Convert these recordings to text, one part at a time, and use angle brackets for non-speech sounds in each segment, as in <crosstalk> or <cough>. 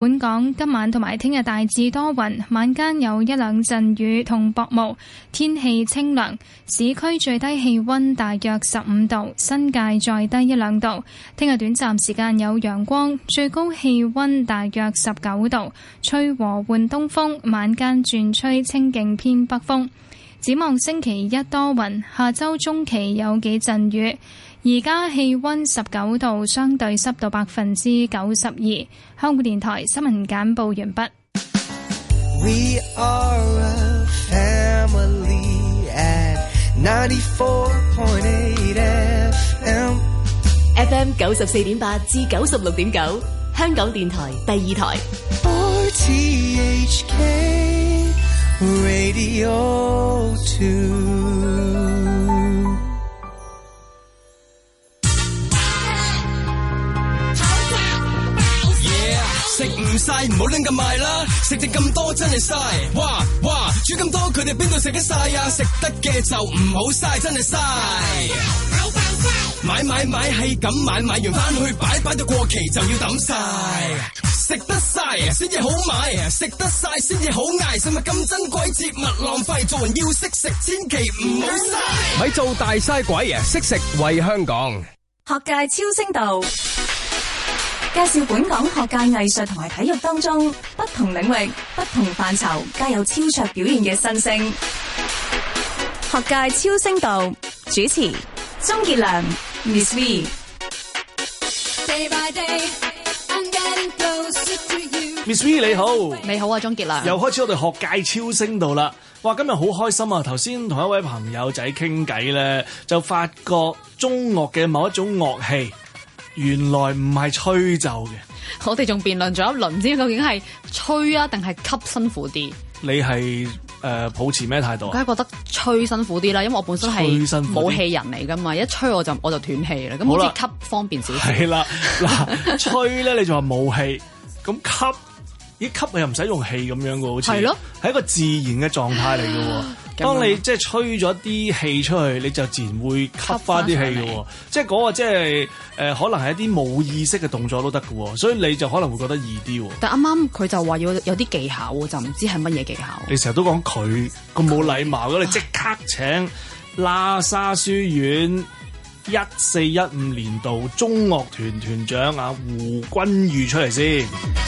本港今晚同埋聽日大致多雲，晚間有一兩陣雨同薄霧，天氣清涼。市區最低氣溫大約十五度，新界再低一兩度。聽日短暫時間有陽光，最高氣溫大約十九度，吹和緩東風，晚間轉吹清勁偏北風。展望星期一多雲，下周中期有幾陣雨。而家氣溫十九度，相對濕度百分之九十二。香港電台新聞簡報完畢。FM 九十四點八至九十六點九， <music> 9，香港電台第二台。咁買啦，食定咁多真係嘥，哇哇，煮咁多佢哋邊度食得晒啊？食得嘅就唔好嘥，真係嘥。買買買係咁買，買完翻去擺擺到過期就要抌晒。食得晒先至好買，食得晒先至好挨，食物咁珍貴，切勿浪費。做人要識食，千祈唔好嘥。咪做大嘥鬼啊！識食為香港，學界超新星。介紹本港學界藝術同埋體育當中不同領域、不同範疇皆有超卓表現嘅新星。學界超星道，主持鍾傑良，Miss V。Day by day，I'm getting close to you。Miss V，你好，你好啊，鍾傑良。又開始我哋學界超星道啦。哇，今日好開心啊！頭先同一位朋友仔傾偈咧，就發覺中樂嘅某一種樂器。原來唔係吹就嘅，我哋仲辯論咗一輪，唔知究竟係吹啊定係吸辛苦啲。你係誒抱持咩態度啊？梗係覺得吹辛苦啲啦，因為我本身係冇氣人嚟噶嘛，吹一,一吹我就我就斷氣啦。咁好似吸方便少少。係啦，嗱吹咧，你就話冇氣，咁 <laughs> 吸咦吸你又唔使用氣咁樣噶，好似係咯，係了一個自然嘅狀態嚟噶。 <laughs> 當你即係吹咗啲氣出去，你就自然會吸翻啲氣嘅，即係嗰個即係誒、呃，可能係一啲冇意識嘅動作都得嘅，所以你就可能會覺得易啲。但啱啱佢就話要有啲技巧，就唔知係乜嘢技巧。你成日都講佢咁冇禮貌，咁對你即刻請喇沙書院一四一五年度中樂團團長阿胡君裕出嚟先。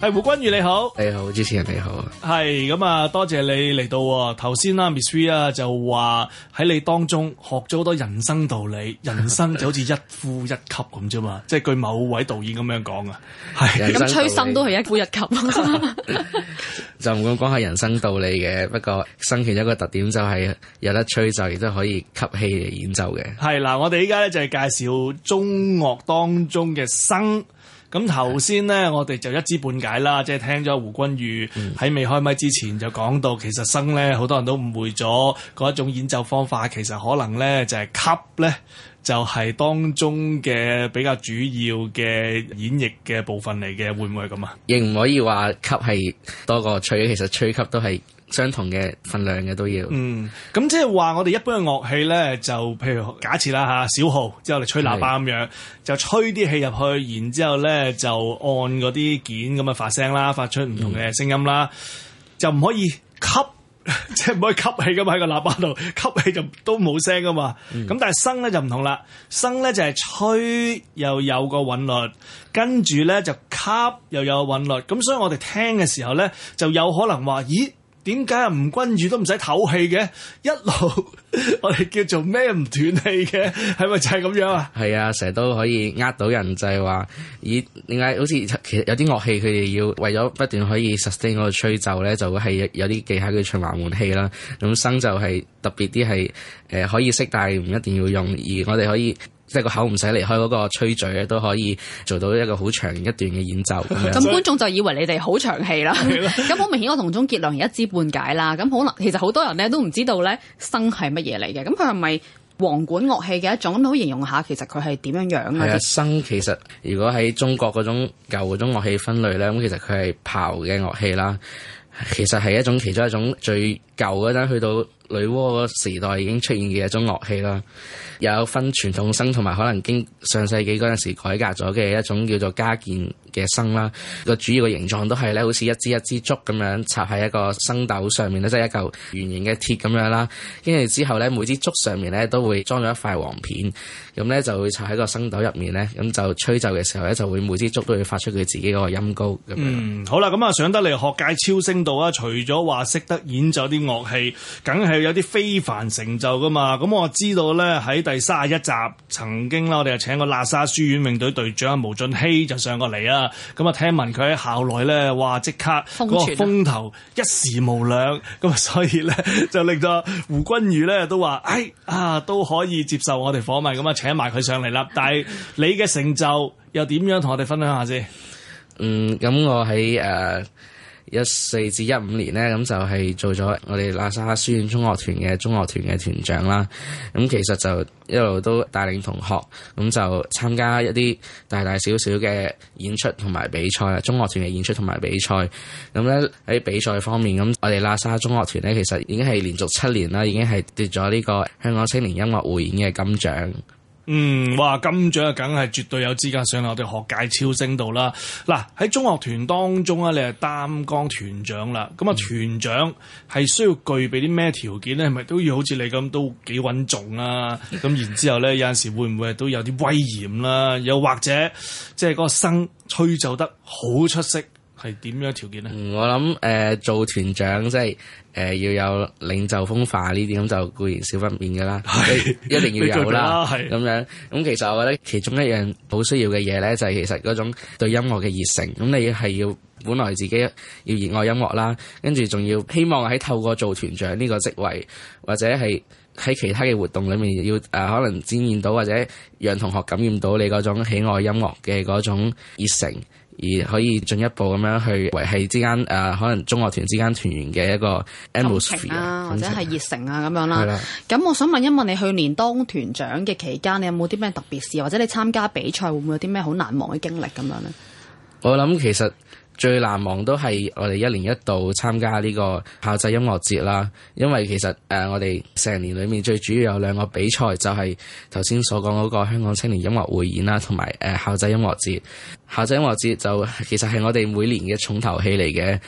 係胡君裕你好，你好，主持人你好，係咁啊！多謝你嚟到，頭、哦、先啦，Ms V 啊，就話喺你當中學咗好多人生道理， <laughs> 人生就好似一呼一吸咁啫嘛，就是、 <laughs> 即係據某位導演咁樣講啊。係咁吹笙都係一呼一吸，就唔咁講下人生道理嘅。 <laughs> <laughs> 不過笙其一個特點就係有得吹就亦都可以吸氣嚟演奏嘅。係嗱，我哋依家咧就係介紹中樂當中嘅笙。 <laughs> 咁頭先呢，我哋就一知半解啦，即係聽咗胡君裕喺、嗯、未開麥之前就講到，其實笙呢，好多人都誤會咗嗰一種演奏方法，其實可能呢，就係、是、吸呢，就係、是、當中嘅比較主要嘅演繹嘅部分嚟嘅，會唔會咁啊？亦唔可以話吸係多過吹，其實吹吸都係。相同嘅份量嘅都要，嗯，咁即係話我哋一般嘅樂器咧，就譬如假設啦吓，小號之後嚟吹喇叭咁對 樣，就吹啲氣入去，然之後咧就按嗰啲鍵咁樣發聲啦，發出唔同嘅聲音啦，嗯、就唔可以吸，即係唔可以吸氣噶，喺個喇叭度吸氣就都冇聲噶嘛，咁、嗯、但係笙咧就唔同啦，笙咧就係、是、吹又有個韻律，跟住咧就吸又有韻律，咁所以我哋聽嘅時候咧就有可能話，咦？點解 <laughs> 啊？胡君裕都唔使唞氣嘅，一路我哋叫做咩唔斷氣嘅，係咪就係咁樣啊？係啊，成日都可以呃到人，就係話咦，點解好似其實有啲樂器佢哋要為咗不斷可以 sustain 嗰個吹奏咧，就會、是、係有啲技巧叫「循環換氣」啦。咁生就係特別啲係誒可以識，但係唔一定要用。而我哋可以。即係個口唔使離開嗰個吹嘴嘅都可以做到一個好長一段嘅演奏。咁 <laughs> 觀眾就以為你哋好長氣啦。咁好 <laughs> <laughs> 明顯我同鍾傑良一知半解啦。咁可能其實好多人咧都唔知道咧笙係乜嘢嚟嘅。咁佢係咪簧管樂器嘅一種？咁好形容下其、啊其，其實佢係點樣樣咧？其實笙其實如果喺中國嗰種舊嗰種樂器分類咧，咁其實佢係刨嘅樂器啦。其實係一種其中一種最舊嗰啲去到。女媧個時代已經出現嘅一種樂器啦，有分傳統笙同埋可能經上世紀嗰陣時改革咗嘅一種叫做加鍵嘅生啦，個主要嘅形狀都係咧，好似一支一支竹咁樣插喺一個笙斗上面咧，即係一嚿圓形嘅鐵咁樣啦。跟住之後咧，每支竹上面咧都會裝咗一塊簧片，咁咧就會插喺個笙斗入面咧，咁就吹奏嘅時候咧，就會每支竹都會發出佢自己嗰個音高。嗯，好啦，咁、嗯、啊上得嚟學界超新星啊，除咗話識得演奏啲樂器，梗係有啲非凡成就噶嘛。咁、嗯、我知道咧喺第三十一集曾經啦，我哋就請個喇沙書院泳隊隊長毛俊熙就上過嚟啊。咁啊，聽聞佢喺校內咧，話即刻嗰個風頭一時無兩，咁啊，所以咧 <laughs> 就令到胡君裕咧都話，哎啊都可以接受我哋訪問，咁啊，請埋佢上嚟啦。但係你嘅成就又點樣同我哋分享下先？嗯，咁我喺誒。Uh 一四至一五年呢，咁就係做咗我哋喇沙書院中樂團嘅中樂團嘅團長啦。咁其實就一路都帶領同學，咁就參加一啲大大小小嘅演出同埋比賽，中樂團嘅演出同埋比賽。咁呢喺比賽方面，咁我哋喇沙中樂團呢，其實已經係連續七年啦，已經係奪咗呢個香港青年音樂匯演嘅金獎。嗯，哇！金獎啊，梗係絕對有資格上我哋學界超星度啦。嗱、啊，喺中學團當中啊，你係擔綱團長啦。咁啊、嗯，團長係需要具備啲咩條件咧？係咪都要好似你咁都幾穩重啊？咁然之後咧， <laughs> 有陣時會唔會都有啲威嚴啦、啊？又或者即係、就是、個笙吹奏得好出色？係點樣條件呢？我諗誒、呃，做團長即係誒、呃，要有領袖風範呢啲咁就固然少不免噶啦，係是一定要有啦，係咁 <laughs> 說樣。咁、嗯、其實我覺得其中一樣好需要嘅嘢呢，就係、是、其實嗰種對音樂嘅熱誠。咁你係要本來自己要熱愛音樂啦，跟住仲要希望喺透過做團長呢個職位，或者係喺其他嘅活動裏面要，要、呃、誒可能展現到或者讓同學感染到你嗰種喜愛音樂嘅嗰種熱誠。而可以進一步咁樣去維繫之間誒、呃，可能中樂團之間團員嘅一個 emotion 啊，或者係熱誠啊咁樣啦。咁吧我想問一問你，去年當團長嘅期間，你有冇啲咩特別事，或者你參加比賽會唔會有啲咩好難忘嘅經歷咁樣咧？我諗其實。最難忘都係我哋一年一度參加呢個校際音樂節啦，因為其實誒、呃、我哋成年裏面最主要有兩個比賽，就係頭先所講嗰個香港青年音樂匯演啦，同埋誒校際音樂節。校際音樂節就其實係我哋每年嘅重頭戲嚟嘅。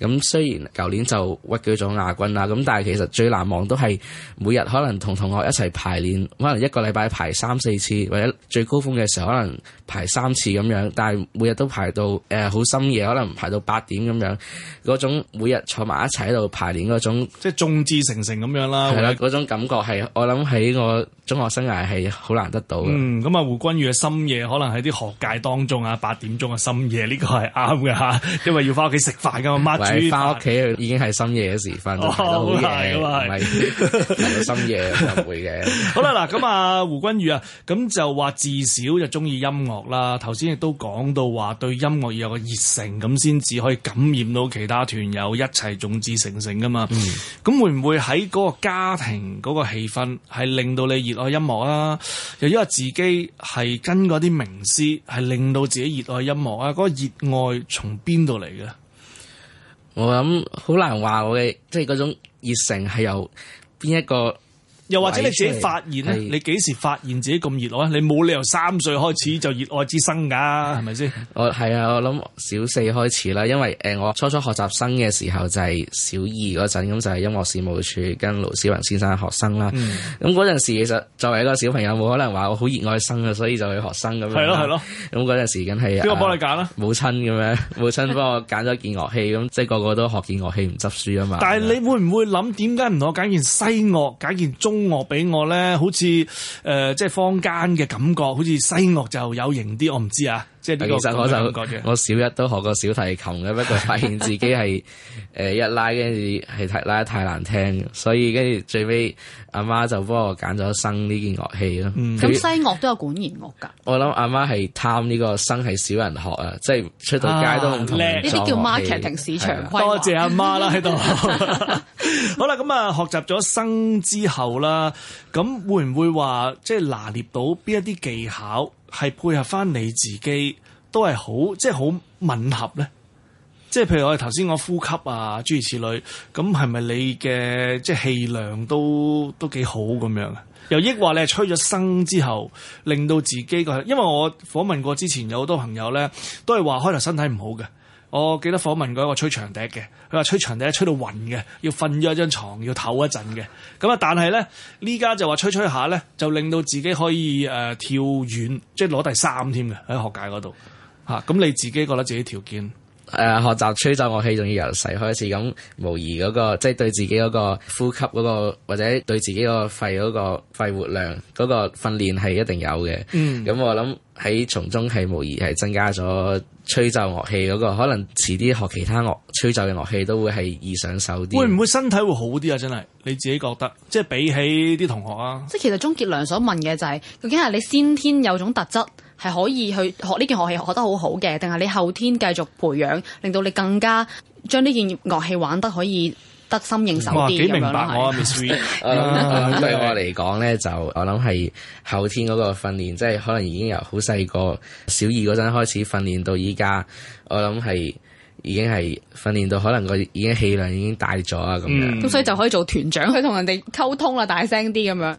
咁雖然舊年就屈居咗亞軍啦，咁但係其實最難忘都係每日可能同同學一齊排練，可能一個禮拜排三四次，或者最高峰嘅時候可能排三次咁樣，但係每日都排到誒好、呃、深夜，可能排到八點咁樣，種每日坐埋一齊喺度排練，種即係眾志成城咁樣啦，係啦的，日種感覺係我諗喺我中學生涯係好難得到嘅。嗯，咁啊胡君宇嘅深夜可能喺啲學界當中啊八點鐘嘅深夜呢個係啱嘅吓，因為要返屋企食飯嘅住翻屋企，已經係深夜嘅時分，好夜噶嘛。唔係深夜就唔會嘅。 <laughs> 好啦，嗱咁啊，胡君裕啊，咁就話至少就中意音樂啦。頭先亦都講到話，對音樂要有個熱誠，咁先至可以感染到其他團友一，一齊眾志成城噶嘛。咁、嗯、會唔會喺嗰個家庭嗰個氣氛係令到你熱愛音樂啊？又因為自己係跟嗰啲名師，係令到自己熱愛音樂啊？嗰、嗰個熱愛從邊度嚟嘅？我諗好難話，我嘅即係嗰種熱誠係由邊一個。又或者你自己發現咧？你幾時發現自己咁熱愛？你冇理由三歲開始就熱愛之生㗎，係咪先？我係啊，我諗小四開始啦，因為誒、呃、我初初學習生嘅時候就係、是、小二嗰陣，咁就係音樂事務處跟盧思雲先生學生啦。咁嗰陣時其實作為一個小朋友，冇可能話我好熱愛生啊，所以就去學生咁樣。係咯係咯。咁嗰陣時梗係，邊個幫你揀啦？母親咁樣，母親幫我揀咗件樂器，咁 <laughs> 即係個個都學件樂器唔執輸啊嘛。但係你會唔會諗點解唔我揀件西樂，揀件中樂俾我咧？好似誒、呃，即係坊間嘅感覺，好似西樂就有型啲，我唔知啊。即係呢，呢個，我，我小一都學過小提琴嘅，不過發現自己係誒、 <laughs> 呃、一拉跟住係拉得太難聽，所以跟住最尾阿媽就幫我揀咗生呢件樂器咯。咁、嗯、西樂都有管弦樂㗎。我諗阿媽係貪呢個生係少人學，、就是、學啊，即係出到街都唔叻。呢啲叫 marketing 市場的。多謝阿媽啦喺度。好啦，咁啊，學習咗生之後啦，咁會唔會話即係拿捏到邊一啲技巧？係配合翻你自己，都係好，即係好吻合咧。即係譬如我哋頭先講呼吸啊，諸如此類，咁係咪你嘅即係氣量都都幾好咁樣啊？又抑或你係吹咗笙之後，令到自己個？因為我訪問過之前有好多朋友咧，都係話開頭身體唔好嘅。我記得訪問過一個吹長笛嘅，佢話吹長笛吹到暈嘅，要瞓咗一張床，要唞一陣嘅。咁啊，但係咧，呢家就話吹吹下咧，就令到自己可以誒、呃、跳遠，即係攞第三添嘅，喺學界嗰度嚇。咁、啊、你自己覺得自己條件？誒，學習吹奏樂器仲要由細開始，咁無疑嗰個即係、就是、對自己嗰個呼吸嗰、嗰個或者對自己個肺嗰、嗰個肺活量嗰個訓練係一定有嘅。咁、嗯、我諗喺從中係無疑係增加咗吹奏樂器嗰、嗰個可能遲啲學其他樂吹奏嘅樂器都會係易上手啲。會唔會身體會好啲啊？真係你自己覺得，即係比起啲同學啊？即係其實鍾傑良所問嘅就係、是、究竟係你先天有種特質。係可以去學呢件樂器學得好好嘅，定係你後天繼續培養，令到你更加將呢件樂器玩得可以得心應手。啲？明白我啊，我對我嚟講咧，就我諗係後天嗰個訓練，即係可能已經由好細個小二嗰陣開始訓練到依家，我諗係已經係訓練到可能個已經氣量已經大咗啊，咁樣。咁、嗯、所以就可以做團長去同人哋溝通啦，大聲啲咁樣。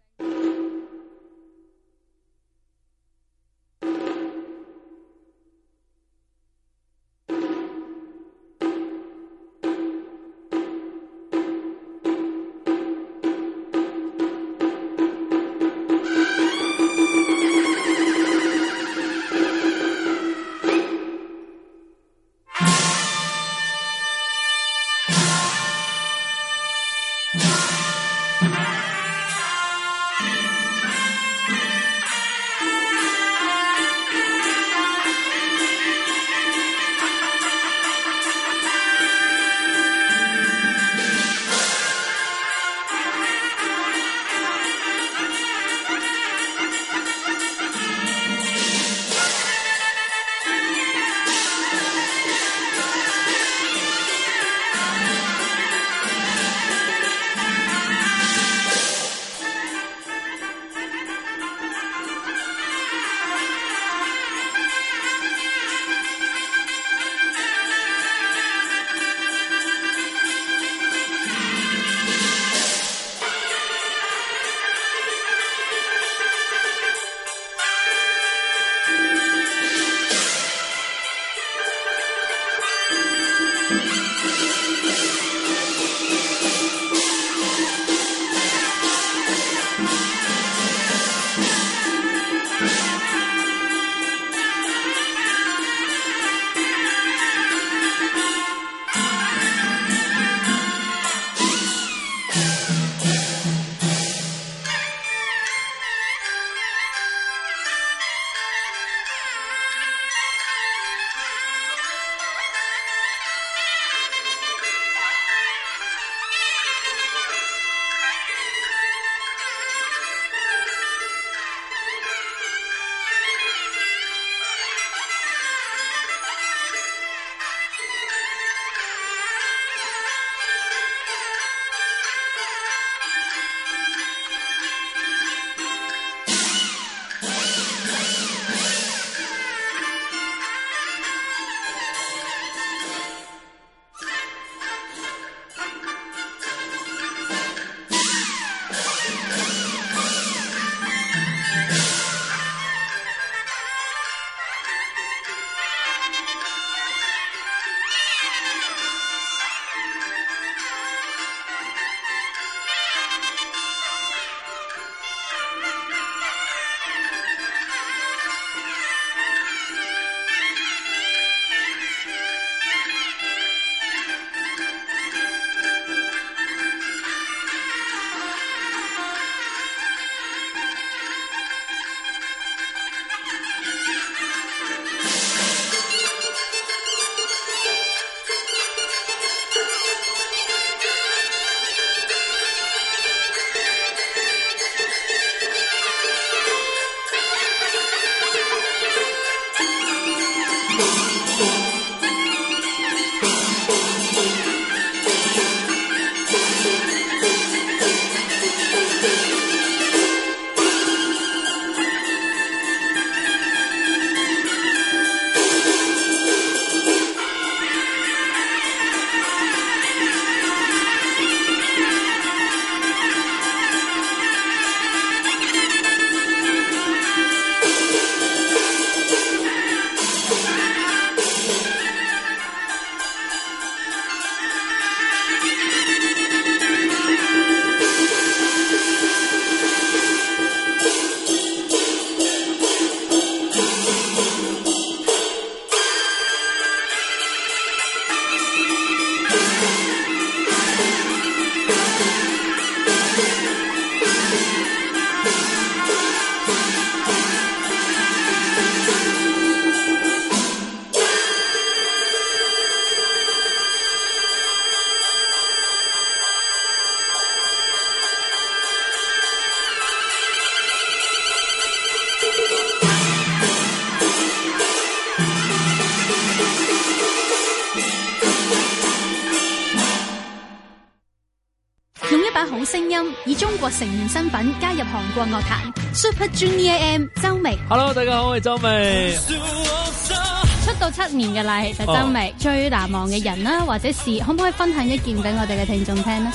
聲音以中國成員身份加入韓國樂壇 Super Junior M 周薇。Hello, 大家好，我係周薇。出道七年嘅你，其實周薇。Oh. 最難忘嘅人啦，或者事，可唔可以分享一件俾我哋嘅聽眾聽呢？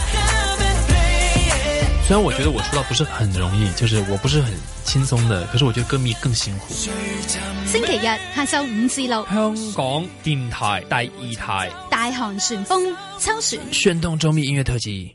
雖然我覺得我出道不是很容易，就是我不是很輕鬆的，可是我覺得歌迷更辛苦。星期日下晝五至六，香港電台第二台《大韓旋風》秋旋旋動周密音樂特輯。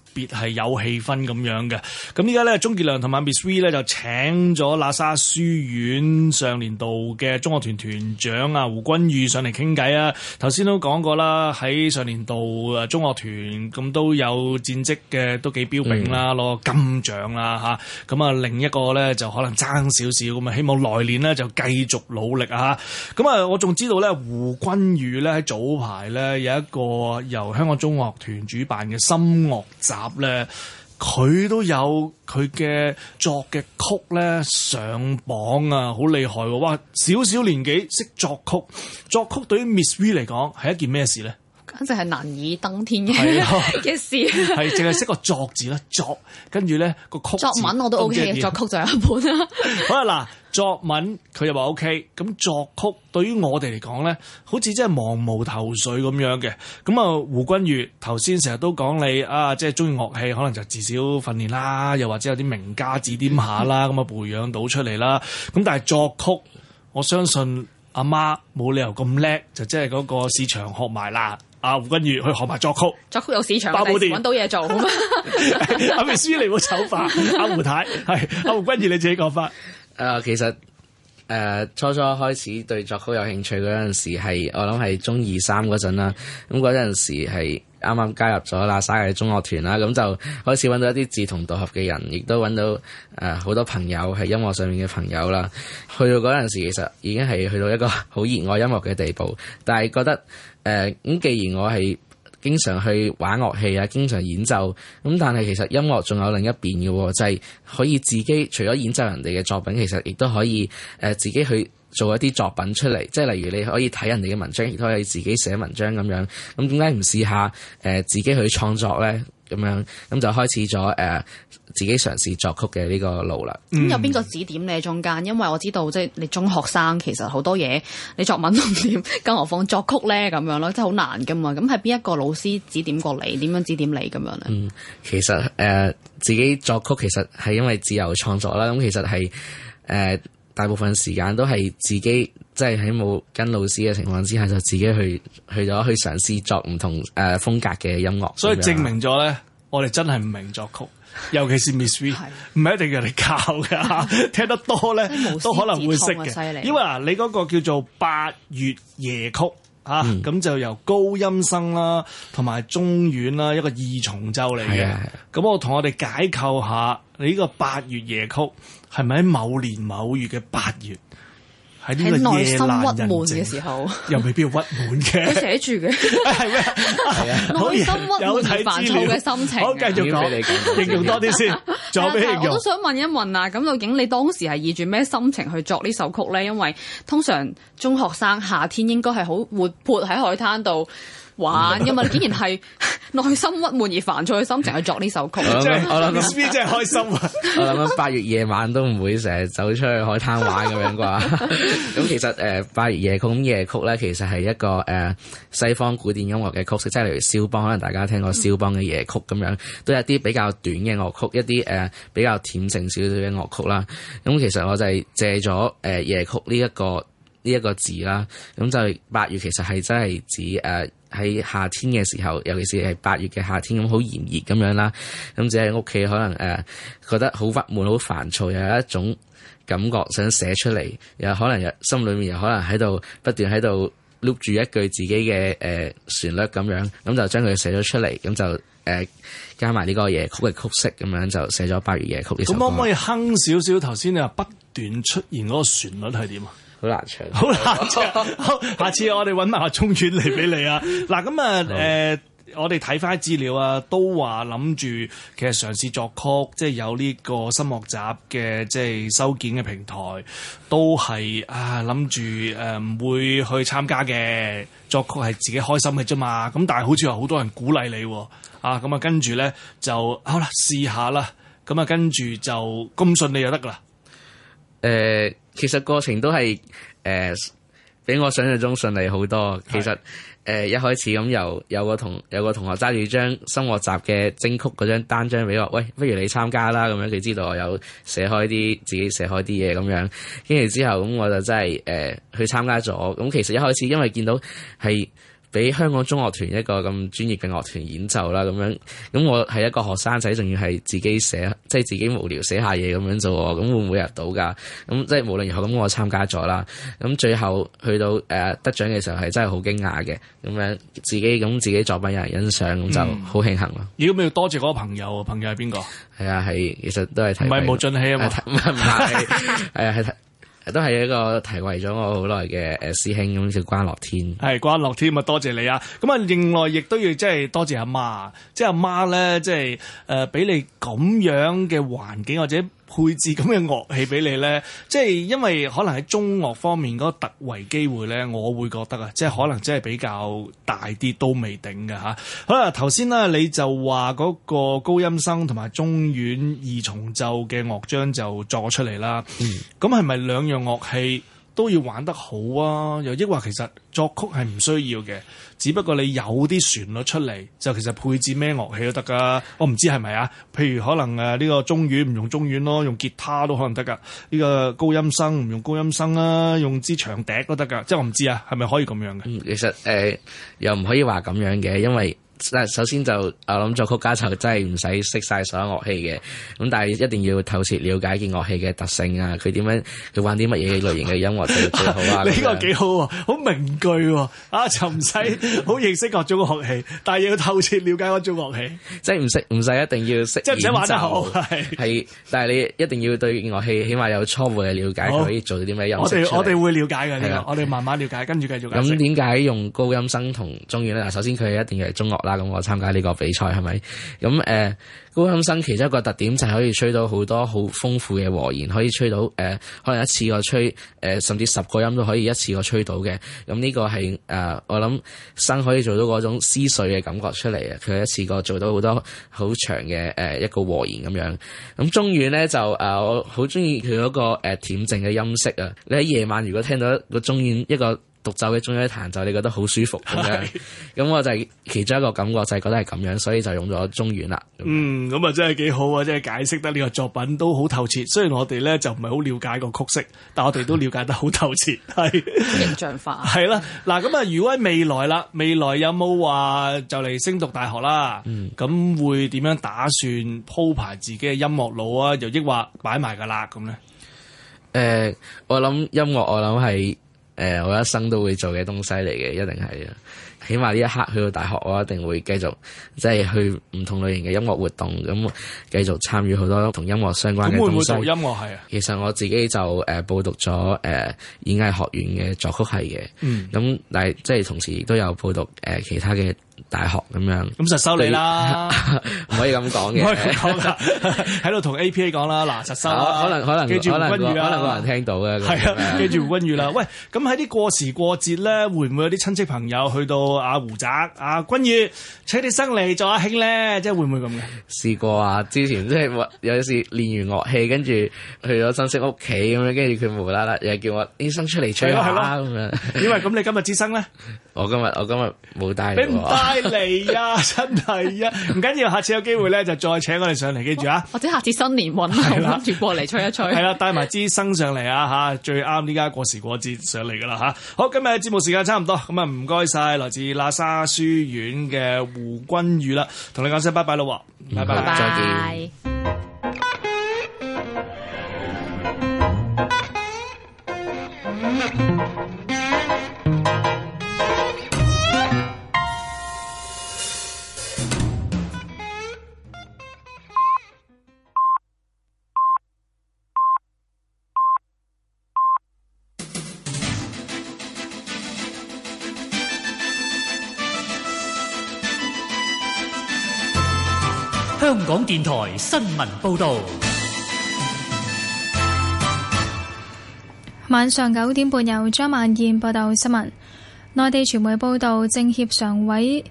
別係有氣氛咁樣嘅，咁依家咧，鍾傑良同埋 Ms V 咧就請咗喇沙書院上年度嘅中樂團團長啊胡君裕上嚟傾偈啊。頭先都講過啦，喺上年度啊中樂團咁都有戰績嘅，都幾彪炳啦，攞金獎啦嚇。咁啊，另一個咧就可能爭少少，咁啊希望來年呢，就繼續努力啊。咁啊，我仲知道咧胡君裕咧喺早排咧有一個由香港中樂團主辦嘅心樂集。咧，佢都有佢嘅作嘅曲咧上榜啊，好厲害喎！哇，小小年紀識作曲，作曲對於 Miss V 嚟講係一件咩事咧？簡直係難以登天嘅嘅事，係淨係識個作字啦，作跟住咧個曲。作文我都 O K，作曲就有一本啦、啊。 <laughs> 好啦，嗱，作文佢又話 O K，咁作曲對於我哋嚟講咧，好似真係茫無頭緒咁樣嘅。咁啊，胡君裕頭先成日都講你啊，即係中意樂器，可能就自小訓練啦，又或者有啲名家指點下啦，咁啊 <laughs> 培養到出嚟啦。咁但係作曲，我相信阿媽冇理由咁叻，就即係嗰個市場學埋啦。 <laughs> 阿胡君裕去學埋作曲，作曲有市場，揾到嘢做。好嘛？阿梅師你冇醜化，阿胡太係阿胡君裕你自己講法，誒，其實。誒、呃、初初開始對作曲有興趣嗰陣時，係我諗係中二三嗰陣啦。咁嗰陣時係啱啱加入咗喇沙嘅中樂團啦，咁就開始揾到一啲志同道合嘅人，亦都揾到誒好、呃、多朋友係音樂上面嘅朋友啦。去到嗰陣時，其實已經係去到一個好熱愛音樂嘅地步，但係覺得誒咁、呃，既然我係經常去玩樂器啊，經常演奏咁，但係其實音樂仲有另一邊嘅，就係可以自己除咗演奏人哋嘅作品，其實亦都可以誒自己去做一啲作品出嚟，即係例如你可以睇人哋嘅文章，亦都可以自己寫文章咁樣。咁點解唔試下誒自己去創作呢？咁樣咁就開始咗誒、呃、自己嘗試作曲嘅呢個路啦。咁有邊個指點你中間？因為我知道即係你中學生其實好多嘢，你作文都唔掂，更何況作曲咧，咁樣咯，即係好難㗎嘛。咁係邊一個老師指點過你？點樣指點你咁樣咧？嗯，其實誒、呃、自己作曲其實係因為自由創作啦。咁其實係誒。呃大部分時間都係自己，即係喺冇跟老師嘅情況之下，就自己去去咗去嘗試作唔同誒風格嘅音樂，所以證明咗咧，我哋真係唔明作曲，尤其是 Miss V，唔係一定要人哋教嘅，聽得多咧都可能會識嘅。因為啊，你嗰個叫做《八月夜曲》啊，咁就由高音笙啦，同埋中阮啦，一個二重奏嚟嘅。咁我同我哋解構下你呢個《八月夜曲》。係咪喺某年某月嘅八月？喺內心鬱悶嘅時候，又未必鬱悶嘅。佢寫住嘅，係咩？內心鬱悶煩躁嘅心情，啊。 <laughs> 好，繼續講，形容 <laughs> 多啲先。但係我都想問一問啊，咁究竟你當時係以住咩心情去作呢首曲咧？因為通常中學生夏天應該係好活潑喺海灘度，玩噶嘛。你竟然係內心鬱悶而煩躁嘅心情去作呢首曲。我諗真係開心啊！ <laughs> 我諗八月夜晚都唔會成日走出去海灘玩咁樣啩。咁其實誒，八月夜曲，咁夜曲咧，其實係一個誒西方古典音樂嘅曲式，即係例如肖邦可能大家聽過肖邦嘅夜曲咁樣，都有啲比較短嘅樂曲，一啲誒比較恬靜少少嘅樂曲啦。咁其實我就係借咗誒夜曲呢、這、一個呢一、這個字啦。咁就八月其實係真係指誒。喺夏天嘅時候，尤其是係八月嘅夏天咁，好炎熱咁樣啦。咁就喺屋企可能誒、呃、覺得好鬱悶、好煩躁，有一種感覺想寫出嚟。又可能又心裏面又可能喺度不斷喺度碌住一句自己嘅誒旋律咁樣，咁就將佢寫咗出嚟。咁就誒加埋呢個夜曲嘅曲式咁樣就寫咗八月夜曲。咁可唔可以哼少少頭先你話不斷出現嗰個旋律係點啊？難 <laughs> 好難唱，好難唱。下次我哋揾埋阿中遠嚟俾你啊。嗱， <laughs> 咁、呃、啊，誒、 <laughs> 呃，我哋睇翻啲資料啊，都話諗住其實嘗試作曲，即、就、係、是、有呢個新學集嘅即係收件嘅平台，都係啊諗住誒，唔會去參加嘅作曲係自己開心嘅啫嘛。咁但係好似有好多人鼓勵你，啊，咁啊跟住咧就好啦，試下啦。咁啊跟住就咁順利就得噶啦。誒。呃其實過程都係誒、呃，比我想象中順利好多。其實誒是、呃，一開始咁有有個同有個同學揸住張新樂集嘅徵曲嗰張單張俾我，喂，不如你參加啦咁樣，佢知道我有寫開啲自己寫開啲嘢咁樣。跟住之後咁我就真係誒、呃、去參加咗。咁其實一開始因為見到係。俾香港中樂團一個咁專業嘅樂團演奏啦，咁樣咁我係一個學生仔，仲要係自己寫，即係自己無聊寫下嘢咁樣做，咁會唔會入到噶？咁即係無論如何，咁我參加咗啦。咁最後去到誒、呃、得獎嘅時候，係真係好驚訝嘅。咁樣自己咁自己作品有人欣賞，咁、嗯、就好慶幸咯。如果唔要多謝嗰個朋友，朋友係邊個？係啊，係其實都係提唔係毛俊熙啊嘛，唔係，係啊，係。 <laughs> 都係一個提為咗我好耐嘅誒師兄，咁叫關樂天。係關樂天，啊。多謝你啊！咁啊，另外亦都要即係多謝阿媽，即係阿媽咧，即係誒俾你咁樣嘅環境或者。配置咁嘅樂器俾你呢，即係因為可能喺中樂方面嗰個突圍機會呢，我會覺得啊，即係可能真係比較大啲都未定㗎吓、啊。好啦，頭先呢，你就話嗰個高音笙同埋中阮二重奏嘅樂章就作出嚟啦，咁係咪兩樣樂器？都要玩得好啊！又抑或其實作曲係唔需要嘅，只不過你有啲旋律出嚟就其實配置咩樂器都得㗎。我唔知係咪啊？譬如可能誒呢個中阮唔用中阮咯，用吉他都可能得㗎。呢個高音笙唔用高音笙啦，用支長笛都得㗎。即係我唔知啊，係咪可以咁樣嘅、嗯？其實誒、呃、又唔可以話咁樣嘅，因為，首先就我諗作曲家就真係唔使識晒所有樂器嘅，咁但係一定要透徹了解件樂器嘅特性啊，佢點樣，佢玩啲乜嘢類型嘅音樂最最好啊！呢 <laughs> 個幾好喎，好名句喎、啊，啊就唔使好認識各種樂器， <laughs> 但係要透徹了解嗰種樂器， <laughs> 即係唔識唔使一定要識演奏，係，係， <laughs> 但係你一定要對樂器起碼有初步嘅了解，好可以做到啲咩音色出嚟？我哋我哋會了解嘅的我哋慢慢了解，跟住繼續。咁點解用高音聲同中音咧？嗱，首先佢一定要係中樂啦。咁我參加呢個比賽，係咪？咁誒，高音笙其中一個特點就係可以吹到好多好豐富嘅和弦，可以吹到誒、呃，可能一次過吹誒、呃，甚至十個音都可以一次過吹到嘅。咁呢個係誒、呃，我諗笙可以做到嗰種思緒嘅感覺出嚟啊！佢一次過做到好多好長嘅誒一個和弦咁樣。咁中阮咧就誒、呃，我好中意佢嗰個誒恬靜嘅音色啊！你喺夜晚如果聽到個一個中阮一個。獨奏嘅中音彈奏，你覺得好舒服咁是樣？咁我就係其中一個感覺，就係覺得係咁樣，所以就用咗中阮啦。嗯，咁啊真係幾好啊！即係解釋得呢個作品都好透徹。雖然我哋咧就唔係好了解個曲式，但我哋都了解得好透徹，係形象化。係 <laughs> 啦，嗱咁啊，如果喺未來啦，未來有冇話就嚟升讀大學啦？咁、嗯、會點樣打算鋪排自己嘅音樂路啊？又抑或擺埋㗎啦咁咧？誒、呃、我諗音樂，我諗係。誒，我一生都會做嘅東西嚟嘅，一定係。起碼呢一刻去到大學，我一定會繼續即係去唔同類型嘅音樂活動，咁繼續參與好多同音樂相關嘅東西。咁會唔會做音樂系啊？其實我自己就誒、呃、報讀咗誒、呃、演藝學院嘅作曲系嘅，咁、嗯、但係即係同時亦都有報讀誒、呃、其他嘅。大學咁樣，咁實收你啦，唔可以咁講嘅，喺度同 A.P.A 講啦，嗱實收，可能可能，記住胡君裕啊，可能可能聽到嘅，係啊，記住胡君裕啦。喂，咁喺啲過時過節咧，會唔會有啲親戚朋友去到阿胡宅、阿君裕，請你生嚟做阿興咧？即係會唔會咁嘅？試過啊，之前即係有次練完樂器，跟住去咗親戚屋企咁樣，跟住佢無啦啦又叫我醫生出嚟吹啦咁樣。因為咁，你今日支生咧？我今日我今日冇帶，你唔帶。嚟呀、 <laughs> 啊，真係呀、啊，唔緊要，下次有機會咧就再請我哋上嚟，記住啊！或者下次新年揾我諗住過嚟吹一吹，係啦，帶埋支笙上嚟啊吓，最啱呢家過時過節上嚟噶啦吓。好，今日嘅節目時間差唔多，咁啊唔該晒，來自喇沙書院嘅胡君裕啦，同你講聲拜拜啦，拜拜，拜拜再見。電台新聞報道，晚上九點半由張萬燕報道新聞。內地傳媒報道，政協常委、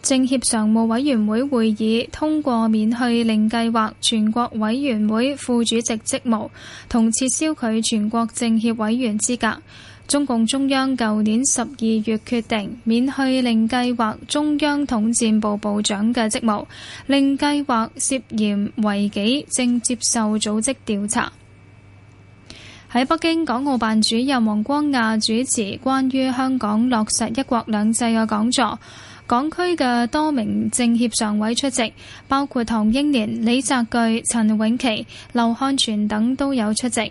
政協常務委員會會議通過免去令計劃全國委員會副主席職務，同撤銷佢全國政協委員資格。中共中央舊年十二月決定免去令計劃中央統戰部部長嘅職務，令計劃涉嫌違紀，正接受組織調查。喺北京，港澳辦主任王光亞主持關於香港落實一國兩制嘅講座，港區嘅多名政協常委出席，包括唐英年、李澤鉅、陳永琪、劉漢全等都有出席。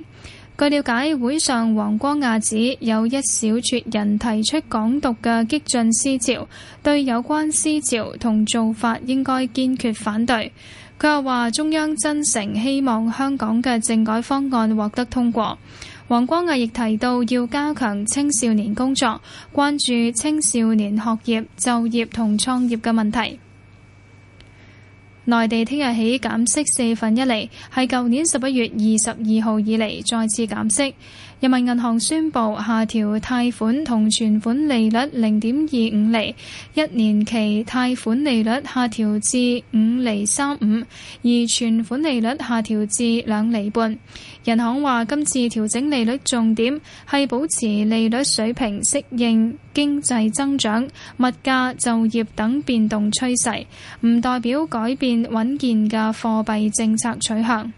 據了解，會上王光亞指有一小撮人提出港獨嘅激進思潮，對有關思潮同做法應該堅決反對。佢又話中央真誠希望香港嘅政改方案獲得通過。王光亞亦提到要加強青少年工作，關注青少年學業、就業同創業嘅問題。內地聽日起減息四分一厘，係舊年十一月二十二號以嚟再次減息。人民銀行宣布，下調貸款同存款利率零點二五厘，一年期貸款利率下調至五厘三五，而存款利率下調至兩厘半。人行話今次調整利率重點，係保持利率水平適應經濟增長、物價就業等變動趨勢，唔代表改變穩健嘅貨幣政策取向。